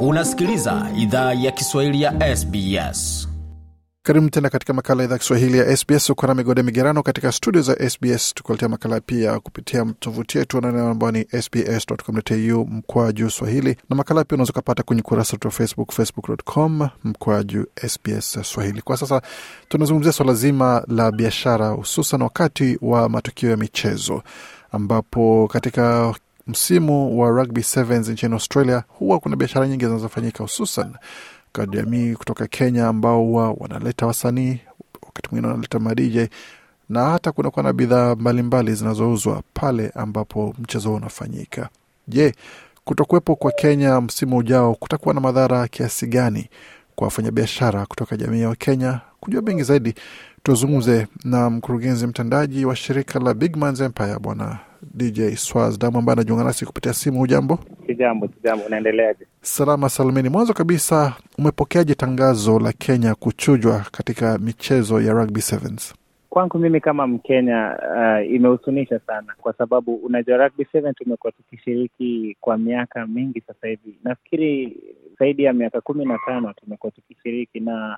Unasikiliza idhaa ya Kiswahili ya SBS. Karibu tena katika makala idhaa Kiswahili ya SBS. Uko na migode migerano katika studio za SBS, tukuletea makala pia kupitia tovuti yetu ambao ni sbscu mkwa juu swahili, na makala pia unaweza ukapata kwenye ukurasa wetu wa Facebook, facebook.com mkwa juu SBS Swahili. Kwa sasa tunazungumzia swala zima la biashara, hususan wakati wa matukio ya michezo ambapo katika msimu wa rugby sevens nchini Australia, huwa kuna biashara nyingi zinazofanyika hususan kwa jamii kutoka Kenya ambao huwa wanaleta wasanii, wakati mwingine wanaleta madj na hata kunakuwa na bidhaa mbalimbali zinazouzwa pale ambapo mchezo huo unafanyika. Je, kutokuwepo kwa Kenya msimu ujao kutakuwa na madhara kiasi gani kwa wafanyabiashara kutoka jamii ya Wakenya? Kujua mengi zaidi Tuzungumze na mkurugenzi mtendaji wa shirika la Big Man's Empire Bwana DJ Swaz Damu ambaye anajiunga nasi kupitia simu. Hujambo? Kijambo, kijambo, Unaendeleaje? Salama salimini. Mwanzo kabisa, umepokeaje tangazo la Kenya kuchujwa katika michezo ya rugby sevens? Kwangu mimi kama Mkenya uh, imehusunisha sana kwa sababu unajua rugby sevens tumekuwa tukishiriki kwa miaka mingi sasa hivi, nafikiri zaidi ya miaka kumi na tano tumekuwa tukishiriki na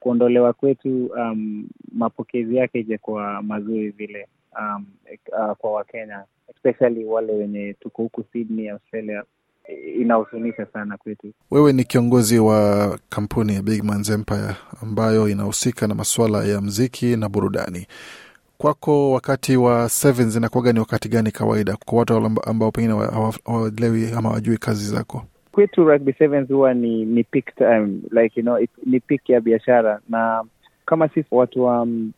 kuondolewa kwetu um, mapokezi yake ijakuwa mazuri vile um, eh, uh, kwa Wakenya especially wale wenye tuko huku Sydney, Australia eh, sana kwetu. Wewe ni kiongozi wa kampuni ya Big Man's Empire ambayo inahusika na masuala ya mziki na burudani. Kwako wakati wa inakuaga inakuwaga ni wakati gani kawaida, kwa watu ambao pengine hawaelewi ama hawajui kazi zako? kwetu rugby sevens huwa ni ni peak time like you know it, ni peak ya biashara, na kama sisi watu wa, um,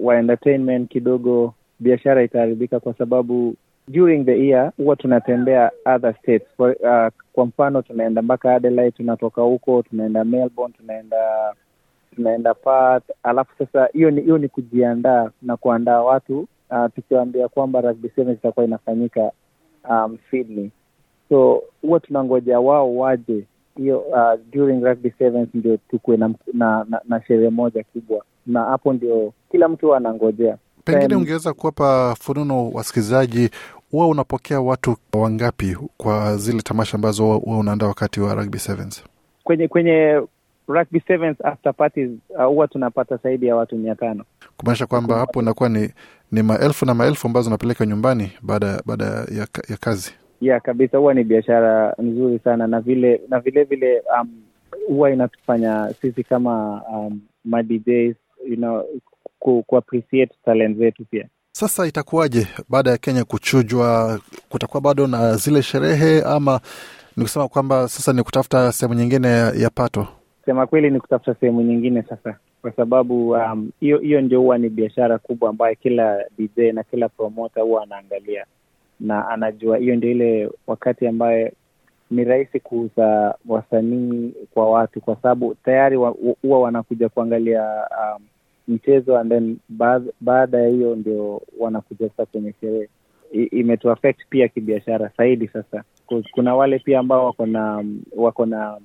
wa entertainment kidogo, biashara itaharibika kwa sababu during the year huwa tunatembea other states kwa, uh, kwa mfano tunaenda mpaka Adelaide, tunatoka huko tunaenda Melbourne, tunaenda tunaenda Perth, alafu sasa hiyo ni hiyo ni kujiandaa na kuandaa watu uh, tukiwaambia kwamba rugby sevens itakuwa inafanyika um, Sydney so huwa tunangoja wao waje hiyo uh, during rugby sevens ndio tukuwe na, na, na, na sherehe moja kubwa, na hapo ndio kila mtu anangojea. Pengine ungeweza kuwapa fununo wasikilizaji, huwa unapokea watu wangapi kwa zile tamasha ambazo huwa unaandaa wakati wa rugby sevens? Kwenye kwenye rugby sevens after parties uh, huwa uh, tunapata zaidi ya watu mia tano, kumaanisha kwamba hapo inakuwa ni, ni maelfu na maelfu ambazo unapeleka nyumbani baada baada ya, ya kazi ya kabisa, huwa ni biashara nzuri sana, na vile na vile vile um, huwa um, inatufanya sisi kama um, ma you know, ku, ku appreciate talent zetu pia. Sasa itakuwaje baada ya Kenya kuchujwa? Kutakuwa bado na zile sherehe ama ni kusema kwamba sasa ni kutafuta sehemu nyingine ya pato? Sema kweli, ni kutafuta sehemu nyingine sasa, kwa sababu um, hiyo um, hiyo ndio huwa ni biashara kubwa ambayo kila DJ na kila promota huwa anaangalia na anajua hiyo ndio ile wakati ambaye ni rahisi kuuza wasanii kwa watu, kwa sababu tayari huwa wa, wanakuja kuangalia um, mchezo and then baada ya hiyo ndio wanakuja sasa kwenye sherehe. Imetuaffect pia kibiashara zaidi sasa. Kuna wale pia ambao wako na wako na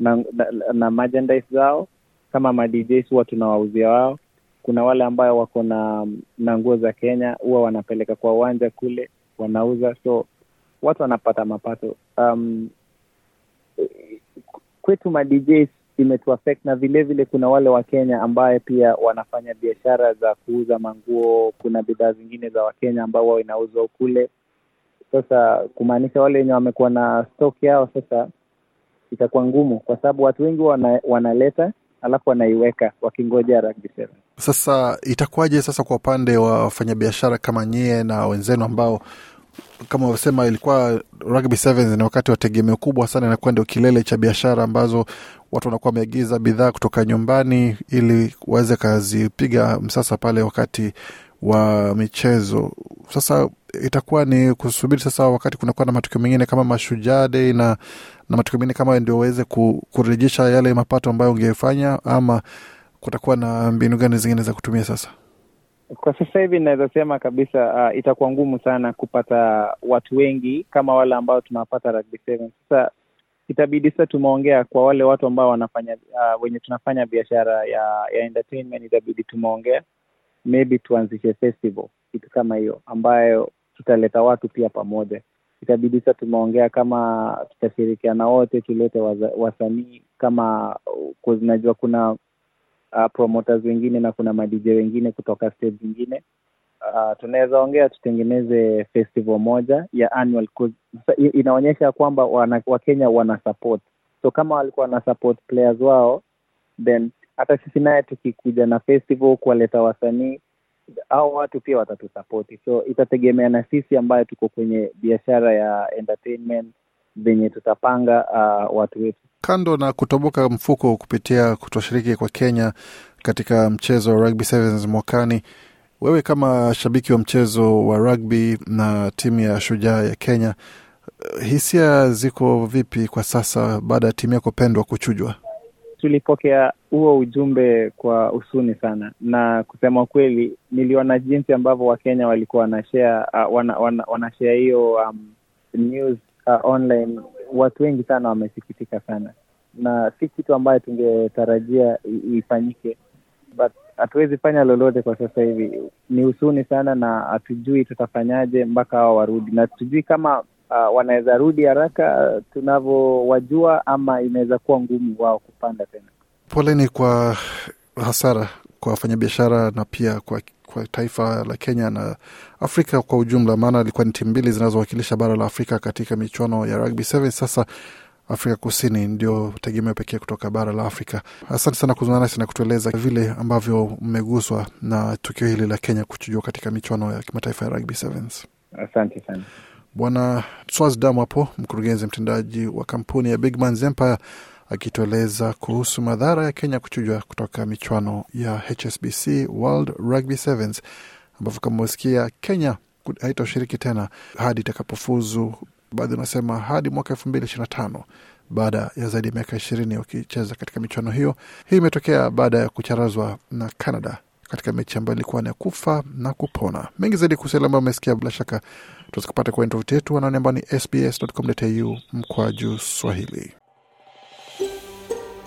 na, na, na merchandise zao kama madjs huwa tunawauzia wao. Kuna wale ambao wako na na nguo za Kenya huwa wanapeleka kwa uwanja kule wanauza, so watu wanapata mapato. Um, kwetu ma DJs na vilevile vile kuna wale Wakenya ambaye pia wanafanya biashara za kuuza manguo, kuna bidhaa zingine za Wakenya ambao wao inauzwa kule. Sasa kumaanisha wale wenye wamekuwa na stock yao sasa itakuwa ngumu, kwa sababu watu wengi wana, wanaleta alafu wanaiweka wakingoja rugby sevens. Sasa itakuwaje sasa kwa upande wa wafanyabiashara kama nyie na wenzenu ambao kama wasema ilikuwa rugby sevens ni wakati wa tegemeo kubwa sana, inakuwa ndio kilele cha biashara ambazo watu wanakuwa wameagiza bidhaa kutoka nyumbani ili waweze kazipiga msasa pale wakati wa michezo. Sasa itakuwa ni kusubiri sasa wakati kunakuwa na matukio mengine kama Mashujaa Day na, na matukio mengine kama ndio waweze kurejesha yale mapato ambayo ungefanya ama kutakuwa na mbinu gani zingine za kutumia sasa? Kwa sasa hivi inaweza sema kabisa, uh, itakuwa ngumu sana kupata watu wengi kama wale ambao tunawapata rugby Sasa itabidi sasa, tumeongea kwa wale watu ambao wanafanya uh, wenye tunafanya biashara ya ya entertainment, itabidi tumeongea, maybe tuanzishe festival, kitu kama hiyo ambayo tutaleta watu pia pamoja. Itabidi sasa, tumeongea kama tutashirikiana wote, tulete wasanii kama, uh, najua kuna uh, promoters wengine na kuna madj wengine kutoka state zingine uh, tunaweza ongea tutengeneze festival moja ya annual inaonyesha kwamba wana, wakenya wana support so kama walikuwa na support players wao then hata sisi naye tukikuja na festival kuwaleta wasanii au watu pia watatusapoti so itategemea na sisi ambayo tuko kwenye biashara ya entertainment venye tutapanga uh, watu wetu. Kando na kutoboka mfuko kupitia kutoshiriki kwa Kenya katika mchezo wa Rugby Sevens mwakani, wewe kama shabiki wa mchezo wa rugby na timu ya Shujaa ya Kenya, uh, hisia ziko vipi kwa sasa baada ya timu yako pendwa kuchujwa? Tulipokea huo ujumbe kwa usuni sana, na kusema kweli, niliona jinsi ambavyo Wakenya walikuwa wanashea uh, wana, wana, wanashea hiyo um, news uh, online, watu wengi sana wamesikitika sana, na si kitu ambayo tungetarajia ifanyike, but hatuwezi fanya lolote kwa sasa hivi. Ni husuni sana, na hatujui tutafanyaje mpaka hawa warudi, na tujui kama uh, wanaweza rudi haraka uh, tunavyowajua ama inaweza kuwa ngumu wao kupanda tena. Poleni kwa hasara kwa wafanyabiashara na pia kwa, kwa taifa la Kenya na Afrika kwa ujumla, maana ilikuwa ni timu mbili zinazowakilisha bara la Afrika katika michuano ya rugby sevens. Sasa Afrika Kusini ndio tegemeo pekee kutoka bara la Afrika. Asante sana kuzungumza nasi na kutueleza vile ambavyo mmeguswa na tukio hili la Kenya kuchujua katika michuano ya kimataifa ya rugby sevens. Asante sana Bwana Swaz hapo, mkurugenzi mtendaji wa kampuni ya Bigmans Empire akitueleza kuhusu madhara ya Kenya kuchujwa kutoka michuano ya HSBC World Rugby Sevens, ambavyo kama umesikia Kenya haitoshiriki tena hadi itakapofuzu, baadhi unasema hadi mwaka elfu mbili ishirini na tano baada ya zaidi ya miaka ishirini wakicheza katika michuano hiyo. Hii imetokea baada ya kucharazwa na Canada katika mechi ambayo ilikuwa ni ya kufa na kupona. Mengi zaidi kuhusu yale ambayo umesikia, bila shaka kupata kwenye tovuti yetu wanaone ambao ni sbs.com.au mkwaju Swahili